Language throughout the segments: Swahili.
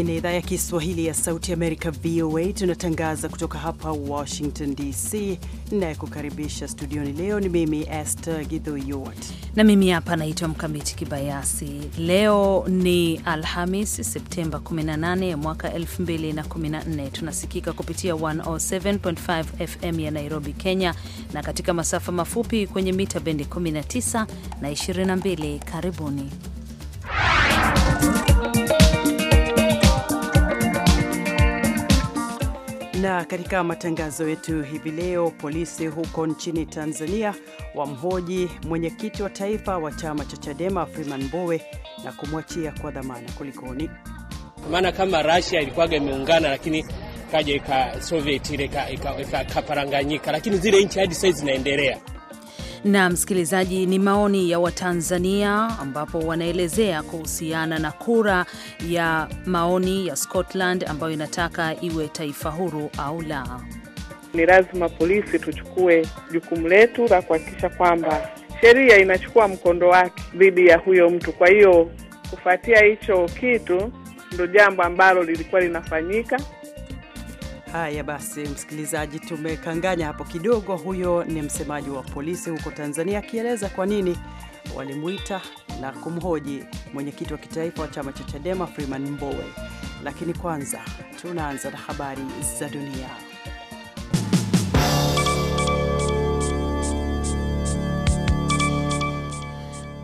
Hii ni idhaa ya Kiswahili ya Sauti Amerika, VOA. Tunatangaza kutoka hapa Washington DC, nayekukaribisha studioni leo ni mimi Esther Githoyot na mimi hapa naitwa Mkamiti Kibayasi. Leo ni Alhamis, Septemba 18 ya mwaka 2014. Tunasikika kupitia 107.5 FM ya Nairobi, Kenya, na katika masafa mafupi kwenye mita bendi 19 na 22. Karibuni. Na katika matangazo yetu hivi leo, polisi huko nchini Tanzania wamhoji mwenyekiti wa taifa wa chama cha Chadema Freeman Mbowe na kumwachia kwa dhamana. Kulikoni? Maana kama Russia ilikuwaga imeungana lakini kaja ika Soviet ile ikaparanganyika, lakini zile nchi hadi sasa zinaendelea na msikilizaji, ni maoni ya Watanzania ambapo wanaelezea kuhusiana na kura ya maoni ya Scotland ambayo inataka iwe taifa huru au la. Ni lazima polisi tuchukue jukumu letu la kuhakikisha kwamba sheria inachukua mkondo wake dhidi ya huyo mtu. Kwa hiyo kufuatia hicho kitu, ndo jambo ambalo lilikuwa linafanyika Haya basi, msikilizaji, tumekanganya hapo kidogo. Huyo ni msemaji wa polisi huko Tanzania akieleza kwa nini walimuita na kumhoji mwenyekiti wa kitaifa wa chama cha Chadema Freeman Mbowe. Lakini kwanza tunaanza na habari za dunia.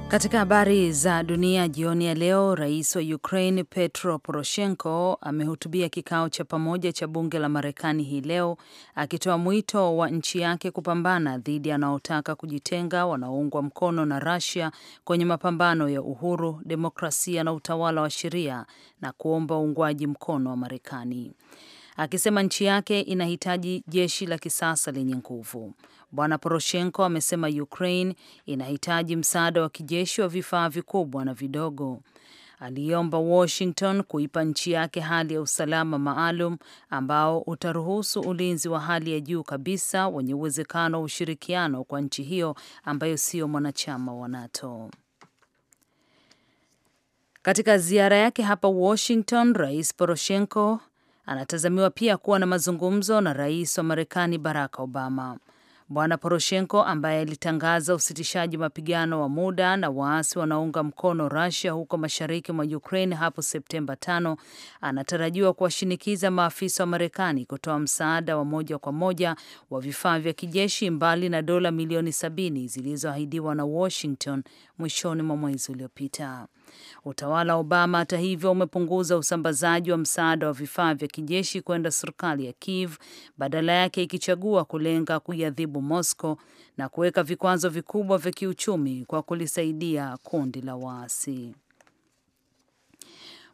Katika habari za dunia jioni ya leo, rais wa Ukraine Petro Poroshenko amehutubia kikao cha pamoja cha bunge la Marekani hii leo, akitoa mwito wa nchi yake kupambana dhidi ya wanaotaka kujitenga wanaoungwa mkono na Russia kwenye mapambano ya uhuru, demokrasia na utawala wa sheria na kuomba uungwaji mkono wa Marekani, akisema nchi yake inahitaji jeshi la kisasa lenye nguvu. Bwana Poroshenko amesema Ukraine inahitaji msaada wa kijeshi wa vifaa vikubwa na vidogo. Aliomba Washington kuipa nchi yake hali ya usalama maalum ambao utaruhusu ulinzi wa hali ya juu kabisa wenye uwezekano wa ushirikiano kwa nchi hiyo ambayo sio mwanachama wa NATO. Katika ziara yake hapa Washington, Rais Poroshenko anatazamiwa pia kuwa na mazungumzo na Rais wa Marekani Barack Obama. Bwana Poroshenko ambaye alitangaza usitishaji mapigano wa muda na waasi wanaounga mkono Russia huko mashariki mwa Ukraine hapo Septemba tano anatarajiwa kuwashinikiza maafisa wa Marekani kutoa msaada wa moja kwa moja wa vifaa vya kijeshi mbali na dola milioni sabini zilizoahidiwa na Washington mwishoni mwa mwezi uliopita. Utawala wa Obama hata hivyo umepunguza usambazaji wa msaada wa vifaa vya kijeshi kwenda serikali ya Kiev, badala yake ikichagua kulenga kuiadhibu Moscow na kuweka vikwazo vikubwa vya kiuchumi kwa kulisaidia kundi la waasi.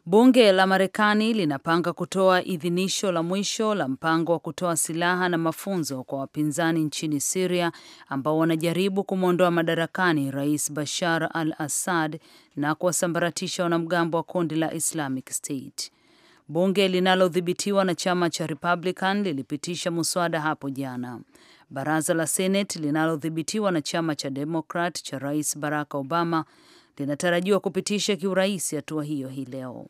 Bunge la Marekani linapanga kutoa idhinisho la mwisho la mpango wa kutoa silaha na mafunzo kwa wapinzani nchini Siria ambao wanajaribu kumwondoa madarakani Rais Bashar al Assad na kuwasambaratisha wanamgambo wa kundi la Islamic State. Bunge linalodhibitiwa na chama cha Republican lilipitisha muswada hapo jana. Baraza la Senate linalodhibitiwa na chama cha demokrat cha Rais Barack Obama linatarajiwa kupitisha kiurahisi hatua hiyo hii leo.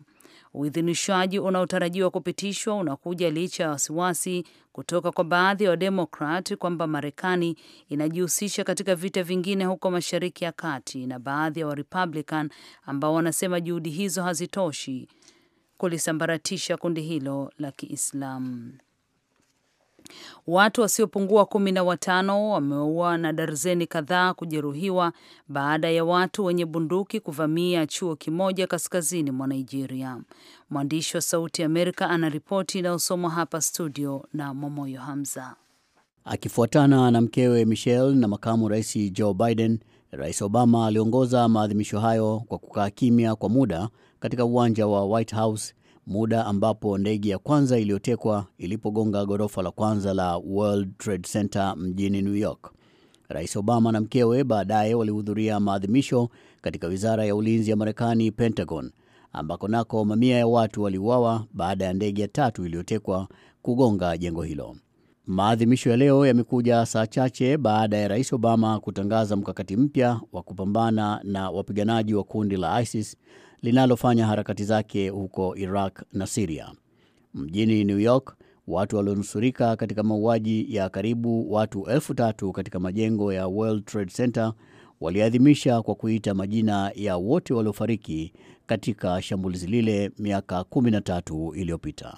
uidhinishwaji unaotarajiwa kupitishwa unakuja licha ya wasiwasi kutoka kwa baadhi ya Wademokrat kwamba Marekani inajihusisha katika vita vingine huko Mashariki ya Kati na baadhi ya Warepublican ambao wanasema juhudi hizo hazitoshi kulisambaratisha kundi hilo la Kiislamu. Watu wasiopungua kumi na watano wameua na darzeni kadhaa kujeruhiwa baada ya watu wenye bunduki kuvamia chuo kimoja kaskazini mwa Nigeria. Mwandishi wa Sauti ya Amerika anaripoti inayosomwa hapa studio na Momoyo Hamza. Akifuatana na mkewe Michelle na makamu rais Joe Biden, Rais Obama aliongoza maadhimisho hayo kwa kukaa kimya kwa muda katika uwanja wa White House muda ambapo ndege ya kwanza iliyotekwa ilipogonga ghorofa la kwanza la World Trade Center mjini New York. Rais Obama na mkewe baadaye walihudhuria maadhimisho katika wizara ya ulinzi ya Marekani, Pentagon, ambako nako mamia ya watu waliuawa baada ya ndege ya tatu iliyotekwa kugonga jengo hilo. Maadhimisho ya leo yamekuja saa chache baada ya rais Obama kutangaza mkakati mpya wa kupambana na wapiganaji wa kundi la ISIS linalofanya harakati zake huko Iraq na Siria. Mjini New York, watu walionusurika katika mauaji ya karibu watu elfu tatu katika majengo ya World Trade Center waliadhimisha kwa kuita majina ya wote waliofariki katika shambulizi lile miaka 13 iliyopita.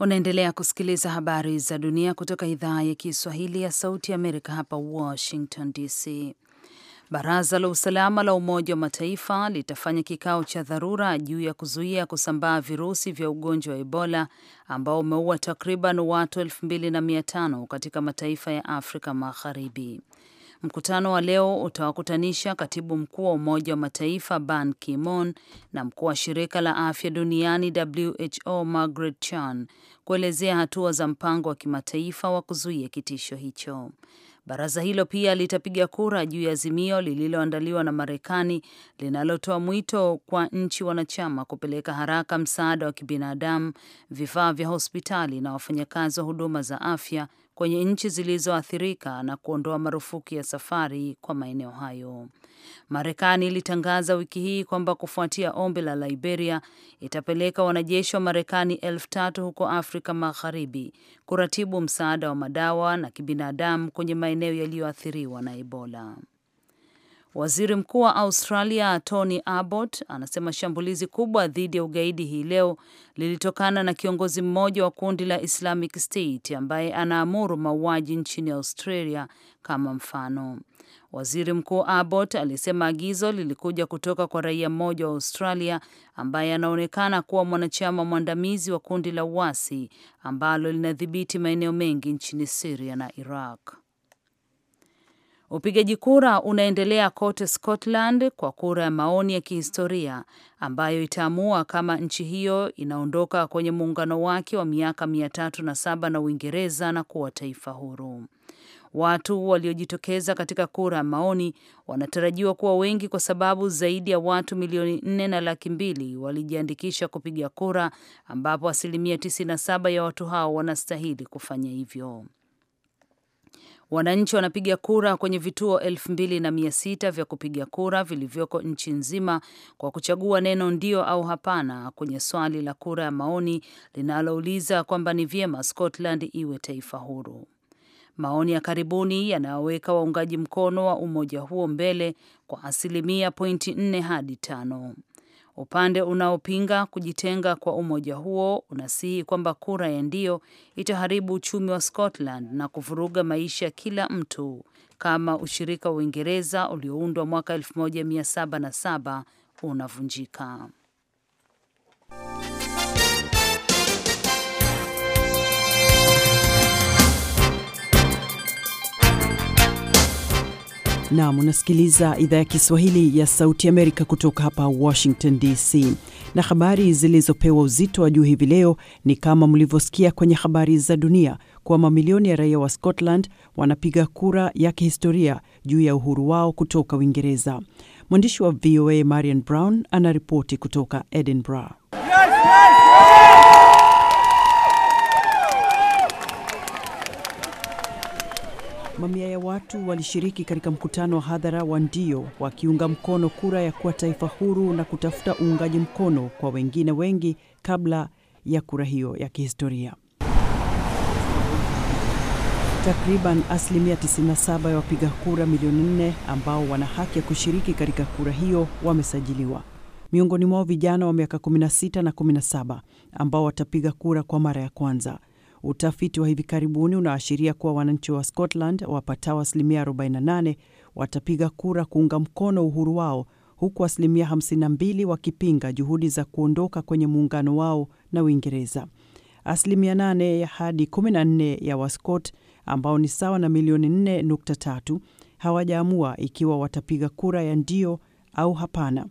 Unaendelea kusikiliza habari za dunia kutoka idhaa ya Kiswahili ya Sauti ya Amerika hapa Washington DC. Baraza la Usalama la Umoja wa Mataifa litafanya kikao cha dharura juu ya kuzuia kusambaa virusi vya ugonjwa wa Ebola ambao umeua takriban watu 2500 katika mataifa ya Afrika Magharibi. Mkutano wa leo utawakutanisha katibu mkuu wa Umoja wa Mataifa Ban Ki-moon na mkuu wa shirika la afya duniani WHO Margaret Chan kuelezea hatua za mpango wa kimataifa wa kuzuia kitisho hicho. Baraza hilo pia litapiga kura juu ya azimio lililoandaliwa na Marekani linalotoa mwito kwa nchi wanachama kupeleka haraka msaada wa kibinadamu, vifaa vya hospitali na wafanyakazi wa huduma za afya kwenye nchi zilizoathirika na kuondoa marufuku ya safari kwa maeneo hayo. Marekani ilitangaza wiki hii kwamba kufuatia ombi la Liberia, itapeleka wanajeshi wa Marekani elfu tatu huko Afrika Magharibi kuratibu msaada wa madawa na kibinadamu kwenye maeneo yaliyoathiriwa na Ebola. Waziri Mkuu wa Australia Tony Abbott anasema shambulizi kubwa dhidi ya ugaidi hii leo lilitokana na kiongozi mmoja wa kundi la Islamic State ambaye anaamuru mauaji nchini Australia kama mfano. Waziri Mkuu Abbott alisema agizo lilikuja kutoka kwa raia mmoja wa Australia ambaye anaonekana kuwa mwanachama mwandamizi wa kundi la uasi ambalo linadhibiti maeneo mengi nchini Syria na Iraq. Upigaji kura unaendelea kote Scotland kwa kura ya maoni ya kihistoria ambayo itaamua kama nchi hiyo inaondoka kwenye muungano wake wa miaka mia tatu na saba na Uingereza na kuwa taifa huru. Watu waliojitokeza katika kura ya maoni wanatarajiwa kuwa wengi kwa sababu zaidi ya watu milioni nne na laki mbili walijiandikisha kupiga kura, ambapo asilimia 97 ya watu hao wanastahili kufanya hivyo. Wananchi wanapiga kura kwenye vituo elfu mbili na mia sita vya kupiga kura vilivyoko nchi nzima kwa kuchagua neno ndio au hapana kwenye swali la kura ya maoni linalouliza kwamba ni vyema Scotland iwe taifa huru. Maoni ya karibuni yanayoweka waungaji mkono wa umoja huo mbele kwa asilimia pointi nne hadi tano. Upande unaopinga kujitenga kwa umoja huo unasihi kwamba kura ya ndio itaharibu uchumi wa Scotland na kuvuruga maisha ya kila mtu kama ushirika wa Uingereza ulioundwa mwaka 1707 unavunjika. Nam, unasikiliza idhaa ya Kiswahili ya Sauti Amerika kutoka hapa Washington DC, na habari zilizopewa uzito wa juu hivi leo ni kama mlivyosikia kwenye habari za dunia kuwa mamilioni ya raia wa Scotland wanapiga kura ya kihistoria juu ya uhuru wao kutoka Uingereza. Mwandishi wa VOA Marian Brown anaripoti kutoka Edinburgh. Yes, yes! Mamia ya watu walishiriki katika mkutano wa hadhara wa ndio, wakiunga mkono kura ya kuwa taifa huru na kutafuta uungaji mkono kwa wengine wengi kabla ya kura hiyo ya kihistoria. Takriban asilimia 97 ya wapiga kura milioni nne ambao wana haki ya kushiriki katika kura hiyo wamesajiliwa. Miongoni mwao vijana wa miaka 16 na 17 ambao watapiga kura kwa mara ya kwanza. Utafiti wa hivi karibuni unaashiria kuwa wananchi wa Scotland wapatao asilimia 48 watapiga kura kuunga mkono uhuru wao huku asilimia 52 wakipinga juhudi za kuondoka kwenye muungano wao na Uingereza. Asilimia 8 hadi 14 ya Wascot ambao ni sawa na milioni 4.3 hawajaamua ikiwa watapiga kura ya ndio au hapana,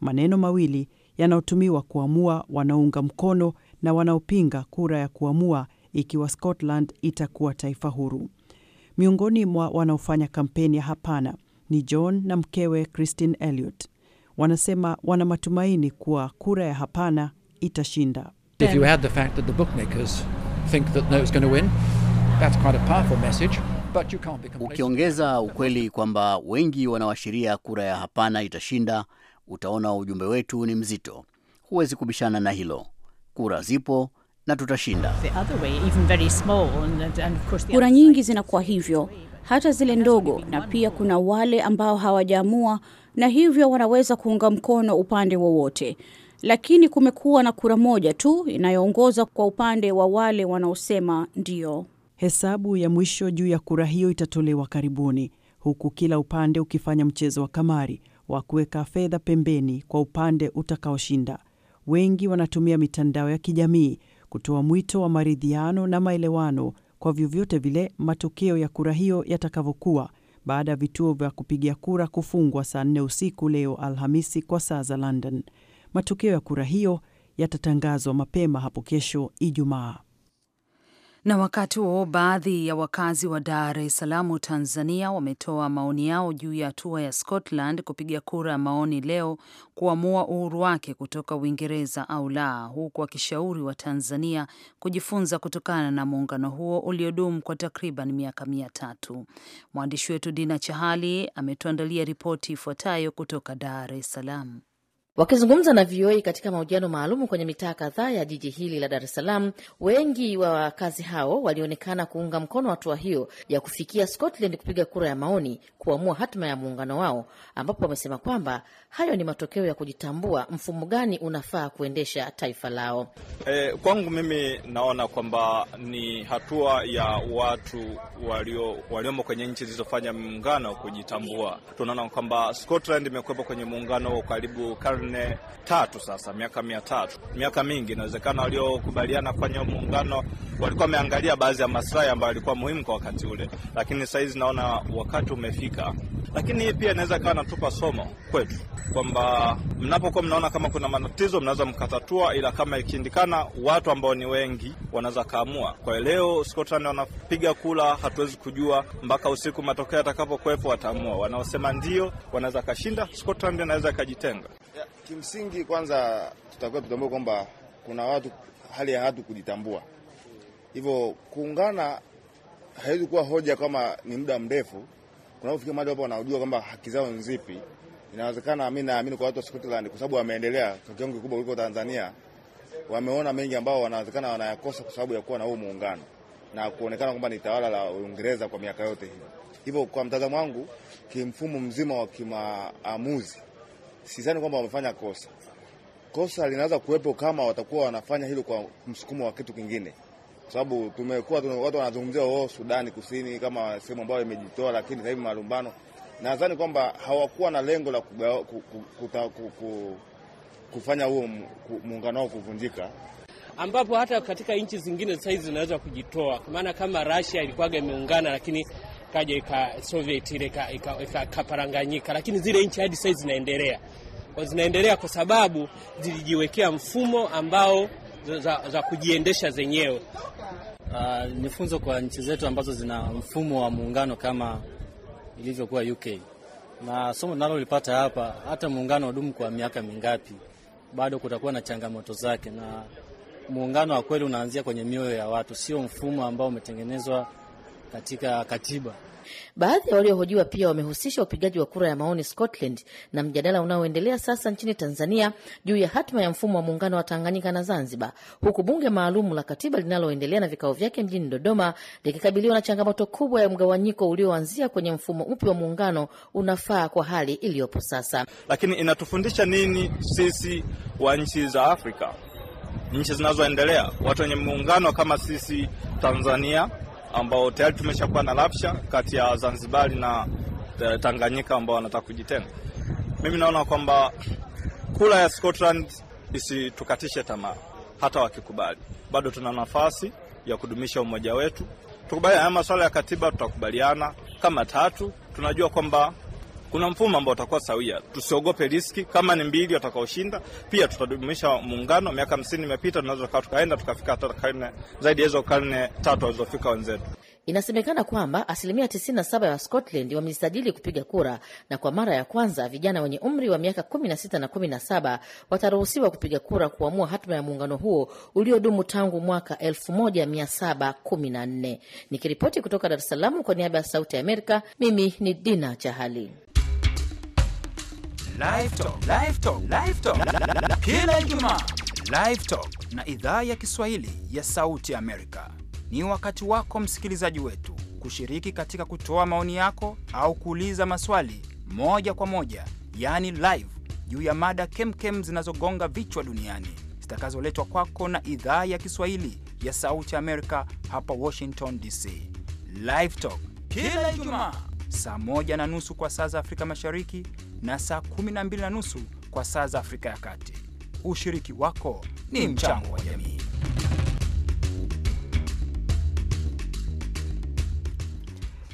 maneno mawili yanayotumiwa kuamua wanaunga mkono na wanaopinga kura ya kuamua ikiwa Scotland itakuwa taifa huru. Miongoni mwa wanaofanya kampeni ya hapana ni John na mkewe Christine Elliot. Wanasema wana matumaini kuwa kura ya hapana itashinda. If you add the fact that the bookmakers think that no is going to win, that's quite a powerful message. But you can't be ukiongeza ukweli kwamba wengi wanaoashiria kura ya hapana itashinda, utaona ujumbe wetu ni mzito. Huwezi kubishana na hilo. Kura zipo na tutashinda. Kura nyingi zinakuwa hivyo, hata zile ndogo, na pia kuna wale ambao hawajaamua na hivyo wanaweza kuunga mkono upande wowote, lakini kumekuwa na kura moja tu inayoongoza kwa upande wa wale wanaosema ndio. Hesabu ya mwisho juu ya kura hiyo itatolewa karibuni, huku kila upande ukifanya mchezo wa kamari wa kuweka fedha pembeni kwa upande utakaoshinda. Wengi wanatumia mitandao ya kijamii kutoa mwito wa maridhiano na maelewano kwa vyovyote vile matokeo ya kura hiyo yatakavyokuwa baada ya vituo vya kupigia kura kufungwa saa nne usiku leo Alhamisi kwa saa za London. Matokeo ya kura hiyo yatatangazwa mapema hapo kesho Ijumaa. Na wakati huo baadhi ya wakazi wa Dar es Salaam, Tanzania, wametoa maoni yao juu ya hatua ya Scotland kupiga kura ya maoni leo kuamua uhuru wake kutoka Uingereza au la, huku wakishauri wa Tanzania kujifunza kutokana na muungano huo uliodumu kwa takriban miaka mia tatu. Mwandishi wetu Dina Chahali ametuandalia ripoti ifuatayo kutoka Dar es Salaam. Wakizungumza na VOA katika mahojiano maalumu kwenye mitaa kadhaa ya jiji hili la Dar es Salaam, wengi wa wakazi hao walionekana kuunga mkono hatua hiyo ya kufikia Scotland kupiga kura ya maoni kuamua hatima ya muungano wao, ambapo wamesema kwamba hayo ni matokeo ya kujitambua mfumo gani unafaa kuendesha taifa lao. E, kwangu mimi naona kwamba ni hatua ya watu walio waliomo kwenye nchi zilizofanya muungano kujitambua. Tunaona kwamba Scotland imekuwepo kwenye muungano wa karibu karne tatu sasa, miaka mia tatu, miaka mingi. Inawezekana waliokubaliana kufanya muungano walikuwa wameangalia baadhi ya maslahi ambayo yalikuwa muhimu kwa wakati ule, lakini sahizi naona wakati umefika. Lakini hii pia inaweza ikawa natupa somo kwetu kwamba mnapokuwa mnaona kama kuna matatizo mnaweza mkatatua, ila kama ikiindikana, watu ambao ni wengi wanaweza kaamua. Kwa leo Scotland wanapiga kula, hatuwezi kujua mpaka usiku matokeo yatakapokuwepo, wataamua. Wanaosema ndio wanaweza kashinda, Scotland inaweza ikajitenga. Kimsingi kwanza tutakuwa tutambue kwamba kuna watu hali ya watu kujitambua, hivyo kuungana haiwezi kuwa hoja kama ni muda mrefu. Kunapofika mahali hapo wanajua kwamba haki zao ni zipi. Inawezekana, mimi naamini kwa watu wa Scotland, kwa sababu wameendelea kwa kiwango kikubwa kuliko Tanzania, wameona mengi ambao wanawezekana wanayakosa kwa sababu ya kuwa na huo muungano na kuonekana kwamba ni tawala la Uingereza kwa miaka yote hiyo. Hivyo kwa mtazamo wangu, kimfumo mzima wa kimaamuzi sidhani kwamba wamefanya kosa. Kosa linaweza kuwepo kama watakuwa wanafanya hilo kwa msukumo wa kitu kingine, kwa sababu tumekuwa watu wanazungumzia oo, oh, Sudani Kusini kama sehemu ambayo imejitoa, lakini sasa hivi malumbano, nadhani kwamba hawakuwa na lengo la kugawa, ku, ku, kufanya huo muungano wao kuvunjika ambapo hata katika nchi zingine sasa hizi zinaweza kujitoa, maana kama Russia ilikuwaga imeungana, lakini kaja ika Soviet ile ikaparanganyika ika, lakini zile nchi hadi sasa zinaendelea kwa zinaendelea kwa sababu zilijiwekea mfumo ambao za, za kujiendesha zenyewe. Uh, ni funzo kwa nchi zetu ambazo zina mfumo wa muungano kama ilivyokuwa UK, na somo tunalolipata hapa, hata muungano udumu kwa miaka mingapi, bado kutakuwa na changamoto zake, na muungano wa kweli unaanzia kwenye mioyo ya watu, sio mfumo ambao umetengenezwa katika katiba. Baadhi ya waliohojiwa pia wamehusisha upigaji wa kura ya maoni Scotland na mjadala unaoendelea sasa nchini Tanzania juu ya hatima ya mfumo wa muungano wa Tanganyika na Zanzibar, huku bunge maalum la katiba linaloendelea na vikao vyake mjini Dodoma likikabiliwa na changamoto kubwa ya mgawanyiko ulioanzia kwenye mfumo upi wa muungano unafaa kwa hali iliyopo sasa. Lakini inatufundisha nini sisi wa nchi za Afrika, nchi zinazoendelea, watu wenye muungano kama sisi Tanzania ambao tayari tumeshakuwa na rabsha kati ya Zanzibari na e, Tanganyika ambao wanataka kujitenga. Mimi naona kwamba kula ya Scotland isitukatishe tamaa, hata wakikubali, bado tuna nafasi ya kudumisha umoja wetu. Tukubali haya masuala ya katiba, tutakubaliana kama tatu. Tunajua kwamba kuna mfumo ambao utakuwa sawia. Tusiogope riski, kama ni mbili watakaoshinda, pia tutadumisha muungano. Miaka hamsini imepita, tunaweza tukawa tukaenda tukafika hata karne zaidi ya hizo karne tatu walizofika wenzetu. Inasemekana kwamba asilimia 97 ya Scotland wamejisajili kupiga kura, na kwa mara ya kwanza vijana wenye umri wa miaka 16 na 17 wataruhusiwa kupiga kura kuamua hatima ya muungano huo uliodumu tangu mwaka 1714. Nikiripoti kutoka Dar es Salaam kwa niaba ya Sauti ya Amerika, mimi ni Dina Chahali kila na idhaa ya Kiswahili ya Sauti Amerika. Ni wakati wako msikilizaji wetu kushiriki katika kutoa maoni yako au kuuliza maswali moja kwa moja, yaani live, juu ya mada kemkem zinazogonga vichwa duniani zitakazoletwa kwako na idhaa ya Kiswahili ya Sauti Amerika hapa Washington DC. livetok kila Ijumaa saa moja na nusu kwa saa za Afrika Mashariki na saa kumi na mbili na nusu kwa saa za Afrika ya Kati. Ushiriki wako ni mchango wa jamii.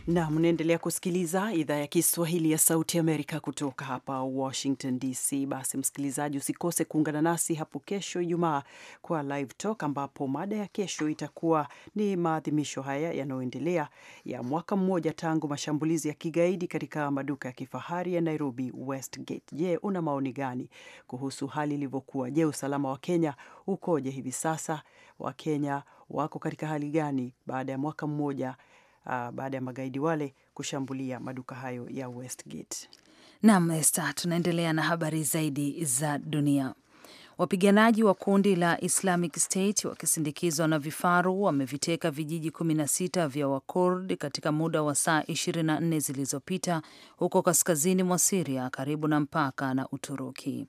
na mnaendelea kusikiliza idhaa ya Kiswahili ya Sauti Amerika kutoka hapa Washington DC. Basi msikilizaji, usikose kuungana nasi hapo kesho Ijumaa kwa Live Talk, ambapo mada ya kesho itakuwa ni maadhimisho haya yanayoendelea ya mwaka mmoja tangu mashambulizi ya kigaidi katika maduka ya kifahari ya Nairobi Westgate. Je, una maoni gani kuhusu hali ilivyokuwa? Je, usalama wa Kenya ukoje hivi sasa? Wakenya wako katika hali gani baada ya mwaka mmoja uh, baada ya magaidi wale kushambulia maduka hayo ya Westgate. Naam, Esta, tunaendelea na habari zaidi za dunia. Wapiganaji wa kundi la Islamic State wakisindikizwa na vifaru wameviteka vijiji 16 vya Wakurd katika muda wa saa 24 zilizopita huko kaskazini mwa Siria karibu na mpaka na Uturuki,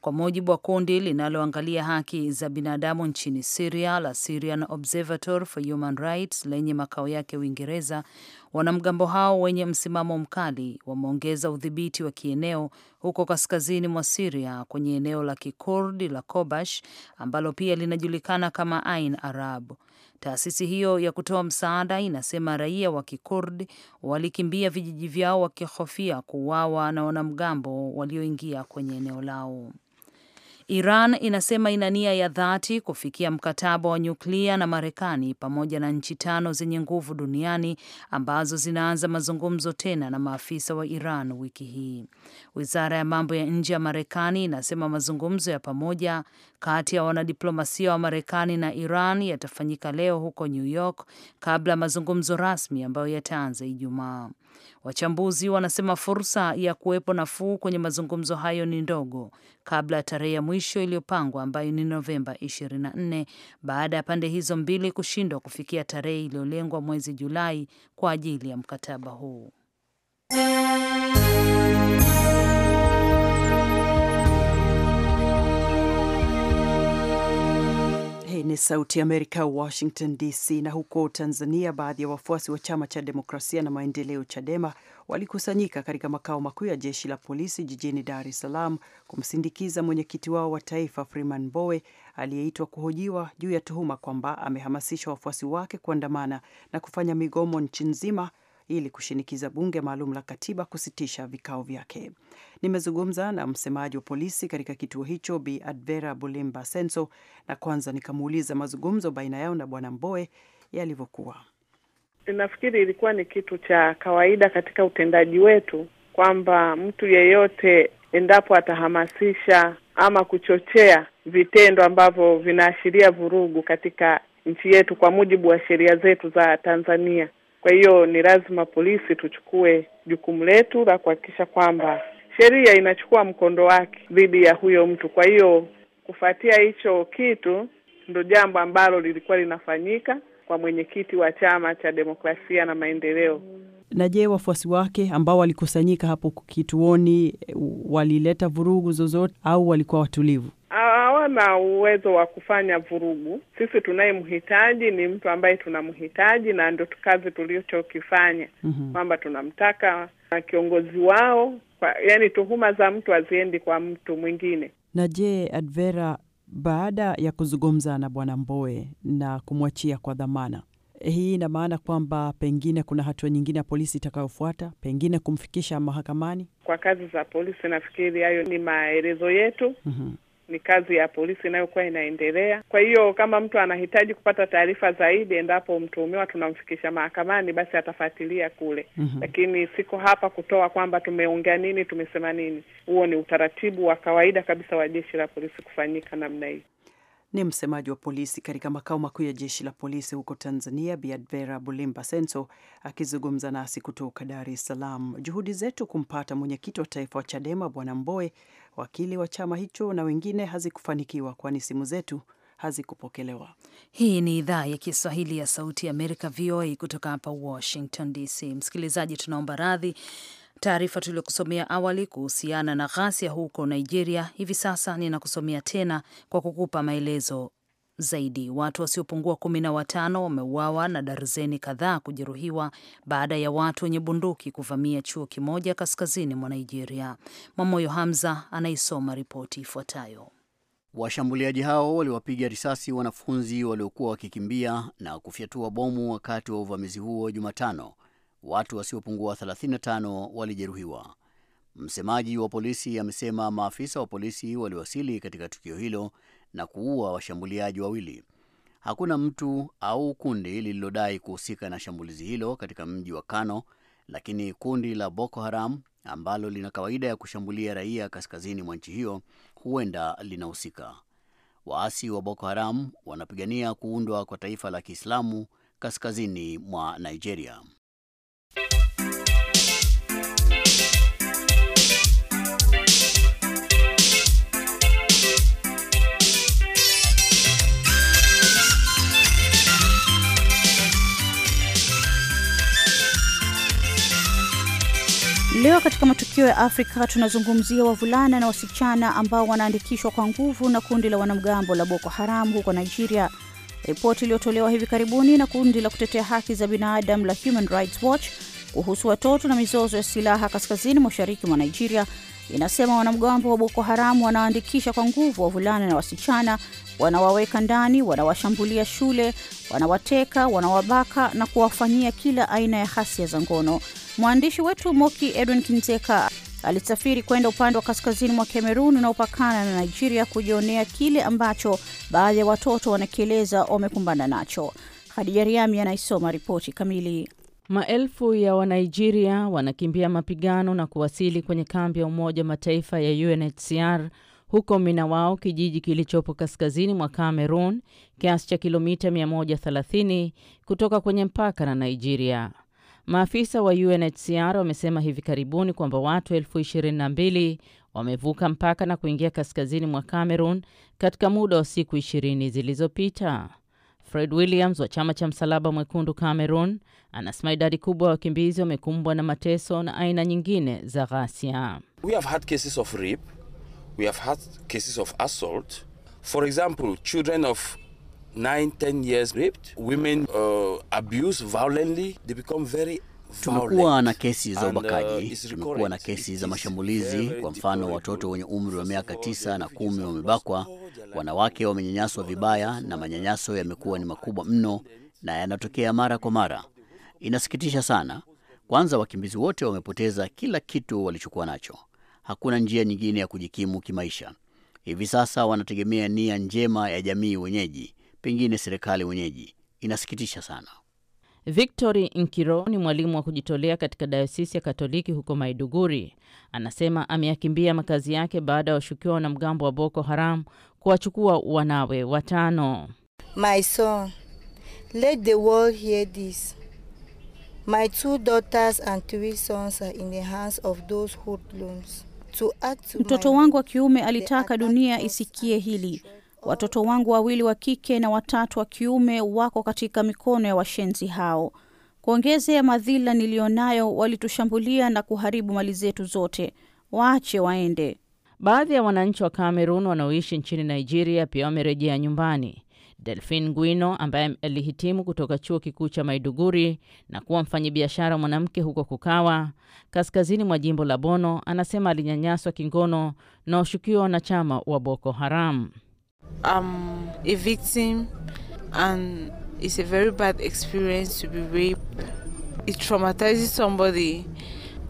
kwa mujibu wa kundi linaloangalia haki za binadamu nchini Siria la Syrian Observatory for Human Rights lenye makao yake Uingereza. Wanamgambo hao wenye msimamo mkali wameongeza udhibiti wa kieneo huko kaskazini mwa Siria kwenye eneo la kikurdi la Kobash ambalo pia linajulikana kama Ain Arab. Taasisi hiyo ya kutoa msaada inasema raia wa kikurdi walikimbia vijiji vyao wakihofia kuuawa na wanamgambo walioingia kwenye eneo lao. Iran inasema ina nia ya dhati kufikia mkataba wa nyuklia na Marekani pamoja na nchi tano zenye nguvu duniani ambazo zinaanza mazungumzo tena na maafisa wa Iran wiki hii. Wizara ya mambo ya nje ya Marekani inasema mazungumzo ya pamoja kati ya wanadiplomasia wa Marekani na Iran yatafanyika leo huko New York kabla ya mazungumzo rasmi ambayo yataanza Ijumaa. Wachambuzi wanasema fursa ya kuwepo nafuu kwenye mazungumzo hayo ni ndogo kabla ya tarehe ya mwisho iliyopangwa ambayo ni Novemba 24 baada ya pande hizo mbili kushindwa kufikia tarehe iliyolengwa mwezi Julai kwa ajili ya mkataba huu. Hii ni Sauti ya Amerika, Washington DC. Na huko Tanzania, baadhi ya wafuasi wa chama cha demokrasia na maendeleo, CHADEMA, walikusanyika katika makao makuu ya jeshi la polisi jijini Dar es Salaam kumsindikiza mwenyekiti wao wa taifa Freeman Mbowe aliyeitwa kuhojiwa juu ya tuhuma kwamba amehamasisha wafuasi wake kuandamana na kufanya migomo nchi nzima ili kushinikiza bunge maalum la katiba kusitisha vikao vyake. Nimezungumza na msemaji wa polisi katika kituo hicho Bi Advera Bulimba Senso, na kwanza nikamuuliza mazungumzo baina yao na Bwana Mboe yalivyokuwa. Nafikiri ilikuwa ni kitu cha kawaida katika utendaji wetu kwamba mtu yeyote endapo atahamasisha ama kuchochea vitendo ambavyo vinaashiria vurugu katika nchi yetu kwa mujibu wa sheria zetu za Tanzania kwa hiyo ni lazima polisi tuchukue jukumu letu la kuhakikisha kwamba sheria inachukua mkondo wake dhidi ya huyo mtu. Kwa hiyo kufuatia hicho kitu ndo jambo ambalo lilikuwa linafanyika kwa mwenyekiti wa Chama cha Demokrasia na Maendeleo na je, wafuasi wake ambao walikusanyika hapo kituoni eh, walileta vurugu zozote au walikuwa watulivu? Hawana uwezo wa kufanya vurugu. Sisi tunayemhitaji ni mtu ambaye tunamhitaji, na ndio kazi tulichokifanya mm -hmm. kwamba tunamtaka kiongozi wao kwa, yani tuhuma za mtu haziendi kwa mtu mwingine. Na je, Advera, baada ya kuzungumza na Bwana mboe na kumwachia kwa dhamana, hii ina maana kwamba pengine kuna hatua nyingine ya polisi itakayofuata, pengine kumfikisha mahakamani. Kwa kazi za polisi, nafikiri hayo ni maelezo yetu. mm -hmm. Ni kazi ya polisi inayokuwa inaendelea. Kwa hiyo kama mtu anahitaji kupata taarifa zaidi, endapo mtuhumiwa tunamfikisha mahakamani, basi atafuatilia kule. mm -hmm. Lakini siko hapa kutoa kwamba tumeongea nini, tumesema nini. Huo ni utaratibu wa kawaida kabisa wa jeshi la polisi kufanyika namna hii. Ni msemaji wa polisi katika makao makuu ya jeshi la polisi huko Tanzania, Biadvera Bulimba Senso akizungumza nasi kutoka Dar es Salaam. Juhudi zetu kumpata mwenyekiti wa taifa wa CHADEMA Bwana mboe wakili wa chama hicho na wengine hazikufanikiwa, kwani simu zetu hazikupokelewa. Hii ni idhaa ya Kiswahili ya Sauti ya Amerika, VOA, kutoka hapa Washington DC. Msikilizaji, tunaomba radhi taarifa tuliyokusomea awali kuhusiana na ghasia huko Nigeria. Hivi sasa ninakusomea tena kwa kukupa maelezo zaidi. Watu wasiopungua kumi na watano wameuawa na darzeni kadhaa kujeruhiwa baada ya watu wenye bunduki kuvamia chuo kimoja kaskazini mwa Nigeria. Mwamoyo Hamza anaisoma ripoti ifuatayo. Washambuliaji hao waliwapiga risasi wanafunzi waliokuwa wakikimbia na kufyatua bomu wakati wa uvamizi huo Jumatano watu wasiopungua 35 walijeruhiwa. Msemaji wa polisi amesema maafisa wa polisi waliwasili katika tukio hilo na kuua washambuliaji wawili. Hakuna mtu au kundi lililodai kuhusika na shambulizi hilo katika mji wa Kano, lakini kundi la Boko Haram ambalo lina kawaida ya kushambulia raia kaskazini mwa nchi hiyo huenda linahusika. Waasi wa Boko Haram wanapigania kuundwa kwa taifa la Kiislamu kaskazini mwa Nigeria. Leo katika matukio ya Afrika tunazungumzia wavulana na wasichana ambao wanaandikishwa kwa nguvu na kundi la wanamgambo la Boko Haram huko Nigeria. Ripoti iliyotolewa hivi karibuni na kundi la kutetea haki za binadamu la Human Rights Watch kuhusu watoto na mizozo ya silaha kaskazini mashariki mwa Nigeria inasema wanamgambo wa Boko Haram wanaandikisha kwa nguvu wavulana na wasichana wanawaweka ndani, wanawashambulia shule, wanawateka, wanawabaka na kuwafanyia kila aina ya hasia za ngono. Mwandishi wetu Moki Edwin Kinzeka alisafiri kwenda upande wa kaskazini mwa Kamerun unaopakana na Nigeria kujionea kile ambacho baadhi ya watoto wanakieleza wamekumbana nacho. Hadija Riami anaisoma ripoti kamili. Maelfu ya Wanigeria wanakimbia mapigano na kuwasili kwenye kambi ya Umoja Mataifa ya UNHCR huko Minawao, kijiji kilichopo kaskazini mwa Cameroon, kiasi cha kilomita 130 kutoka kwenye mpaka na Nigeria. Maafisa wa UNHCR wamesema hivi karibuni kwamba watu elfu 22 wamevuka mpaka na kuingia kaskazini mwa Cameroon katika muda wa siku 20 zilizopita. Fred Williams wa chama cha Msalaba Mwekundu Cameroon anasema idadi kubwa ya wakimbizi wamekumbwa na mateso na aina nyingine za ghasia. We have had cases of rape we have had cases of assault. For example, children of nine, ten years raped, women uh, abused violently, they become very Tumekuwa na kesi za uh, ubakaji, tumekuwa na kesi za mashambulizi. Kwa mfano, watoto wenye umri wa miaka tisa na kumi wamebakwa, wanawake wamenyanyaswa vibaya, na manyanyaso yamekuwa ni makubwa mno na yanatokea mara kwa mara. Inasikitisha sana. Kwanza, wakimbizi wote wamepoteza kila kitu walichokuwa nacho hakuna njia nyingine ya kujikimu kimaisha. Hivi sasa wanategemea nia njema ya jamii wenyeji, pengine serikali wenyeji. Inasikitisha sana. Victory Nkiro ni mwalimu wa kujitolea katika dayosisi ya Katoliki huko Maiduguri. Anasema ameyakimbia makazi yake baada ya washukiwa wanamgambo wa Boko Haram kuwachukua wanawe watano. My son, let the world hear this. My two daughters and three sons are in the hands of those hoodlums. Mtoto wangu wa kiume alitaka dunia isikie hili. Watoto wangu wawili wa kike na watatu wa kiume wako katika mikono ya washenzi hao. Kuongeze ya madhila niliyonayo, walitushambulia na kuharibu mali zetu zote. Waache waende. Baadhi ya wananchi wa Kamerun wanaoishi nchini Nigeria pia wamerejea nyumbani Delphine Gwino ambaye alihitimu kutoka chuo kikuu cha Maiduguri na kuwa mfanyabiashara mwanamke huko Kukawa, kaskazini mwa jimbo la Bono, anasema alinyanyaswa kingono na washukiwa wanachama wa Boko Haram. Um, a victim and it's a very bad experience to be raped. It traumatizes somebody.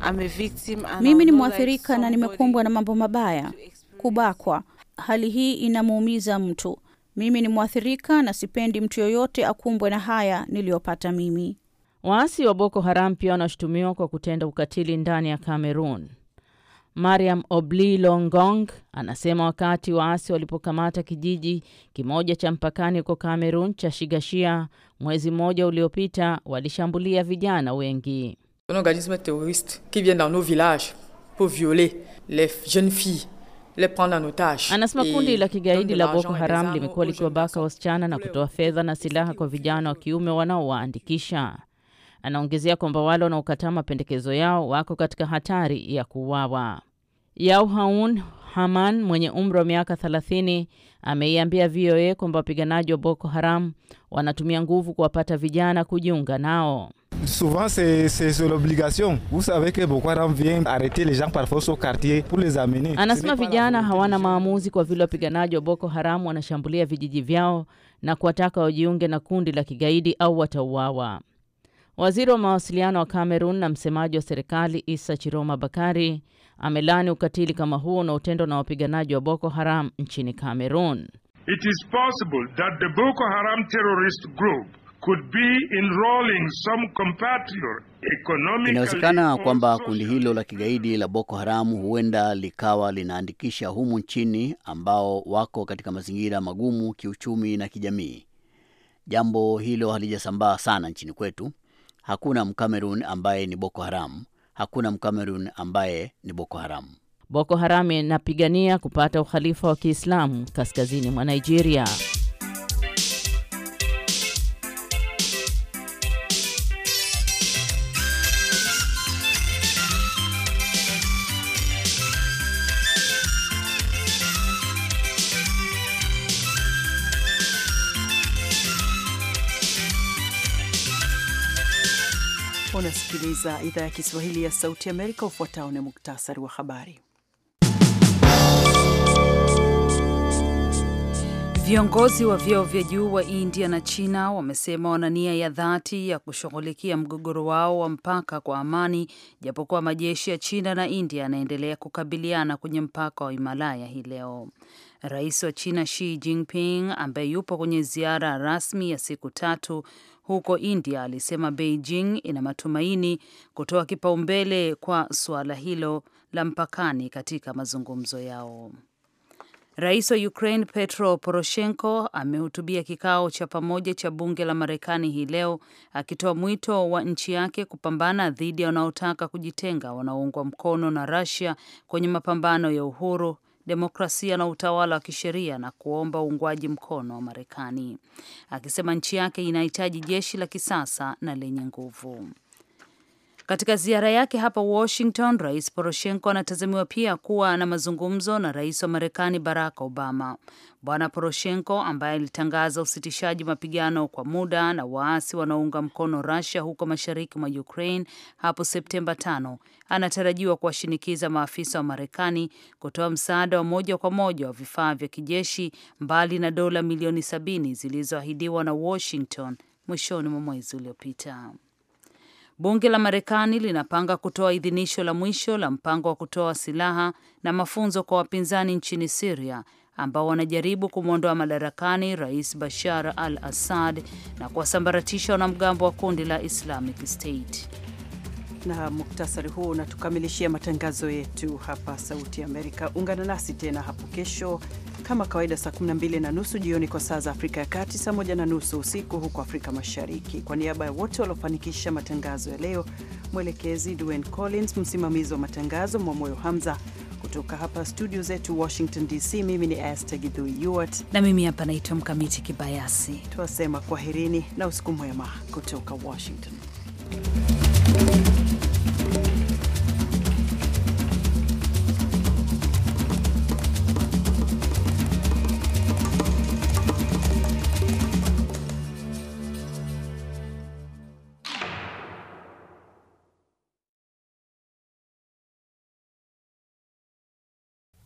I'm a victim and mimi ni mwathirika like na nimekumbwa na mambo mabaya, kubakwa. Hali hii inamuumiza mtu mimi ni mwathirika na sipendi mtu yoyote akumbwe na haya niliyopata mimi. Waasi wa Boko Haram pia wanashutumiwa kwa kutenda ukatili ndani ya Kamerun. Mariam Obli Longong anasema wakati waasi walipokamata kijiji kimoja cha mpakani huko Kamerun cha Shigashia mwezi mmoja uliopita, walishambulia vijana wengi. Un organisme terroriste qui vient dans nos villages pour violer les jeunes filles Anasema kundi la kigaidi la Boko Haram limekuwa likiwabaka wasichana na kutoa fedha na silaha kwa vijana wa kiume wanaowaandikisha. Anaongezea kwamba wale wanaokataa mapendekezo yao wako katika hatari ya kuuawa. Yauhaun Haman mwenye umri wa miaka 30 ameiambia VOA kwamba wapiganaji wa Boko Haram wanatumia nguvu kuwapata vijana kujiunga nao. Souvent c'est c'est l'obligation. Vous savez que Boko Haram vient arrêter les gens force au quartier pour les amener. Anasema vijana hawana maamuzi kwa vile wapiganaji wa Boko Haram wanashambulia vijiji vyao na kuwataka wajiunge na kundi la kigaidi au watauawa. Waziri wa mawasiliano wa Cameroon na msemaji wa serikali Isa Chiroma Bakari amelani ukatili kama huo unaotendwa na wapiganaji wa Boko Haram nchini Cameroon. It is possible that the Boko Haram terrorist group could be enrolling some compatriot economically. Inawezekana kwamba kundi hilo la kigaidi la Boko Haram huenda likawa linaandikisha humu nchini ambao wako katika mazingira magumu kiuchumi na kijamii. Jambo hilo halijasambaa sana nchini kwetu. Hakuna Mkamerun ambaye ni Boko Haram, hakuna Mkamerun ambaye ni Boko haram Boko Haramu inapigania kupata ukhalifa wa Kiislamu kaskazini mwa Nigeria. unasikiliza idhaa ya Kiswahili ya Sauti Amerika. Ufuatao ni muktasari wa habari. Viongozi wa vyeo vya juu wa India na China wamesema wana nia ya dhati ya kushughulikia mgogoro wao wa mpaka kwa amani, japokuwa majeshi ya China na India yanaendelea kukabiliana kwenye mpaka wa Himalaya hii leo. Rais wa China Xi Jinping, ambaye yupo kwenye ziara rasmi ya siku tatu huko India, alisema Beijing ina matumaini kutoa kipaumbele kwa suala hilo la mpakani katika mazungumzo yao. Rais wa Ukraine Petro Poroshenko amehutubia kikao cha pamoja cha bunge la Marekani hii leo akitoa mwito wa nchi yake kupambana dhidi ya wanaotaka kujitenga wanaoungwa mkono na Russia kwenye mapambano ya uhuru, demokrasia na utawala wa kisheria na kuomba uungwaji mkono wa Marekani, akisema nchi yake inahitaji jeshi la kisasa na lenye nguvu. Katika ziara yake hapa Washington, Rais Poroshenko anatazamiwa pia kuwa na mazungumzo na rais wa Marekani Barack Obama. Bwana Poroshenko ambaye alitangaza usitishaji mapigano kwa muda na waasi wanaounga mkono Russia huko mashariki mwa Ukraine hapo Septemba tano anatarajiwa kuwashinikiza maafisa wa Marekani kutoa msaada wa moja kwa moja wa vifaa vya kijeshi mbali na dola milioni sabini zilizoahidiwa na Washington mwishoni mwa mwezi uliopita. Bunge la Marekani linapanga kutoa idhinisho la mwisho la mpango wa kutoa silaha na mafunzo kwa wapinzani nchini Siria ambao wanajaribu kumwondoa madarakani Rais Bashar al-Assad na kuwasambaratisha wanamgambo wa kundi la Islamic State na muktasari huo unatukamilishia matangazo yetu hapa Sauti Amerika. Ungana nasi tena hapo kesho kama kawaida saa 12 na nusu jioni kwa saa za Afrika ya Kati, saa moja na nusu usiku huko Afrika Mashariki. Kwa niaba ya wote waliofanikisha matangazo ya leo, mwelekezi Dwayne Collins, msimamizi wa matangazo Mwamoyo Hamza, kutoka hapa studio zetu Washington DC, mimi ni Esther Githui Ewart na mimi hapa naitwa Mkamiti Kibayasi. Twasema kwaherini na usiku mwema kutoka Washington.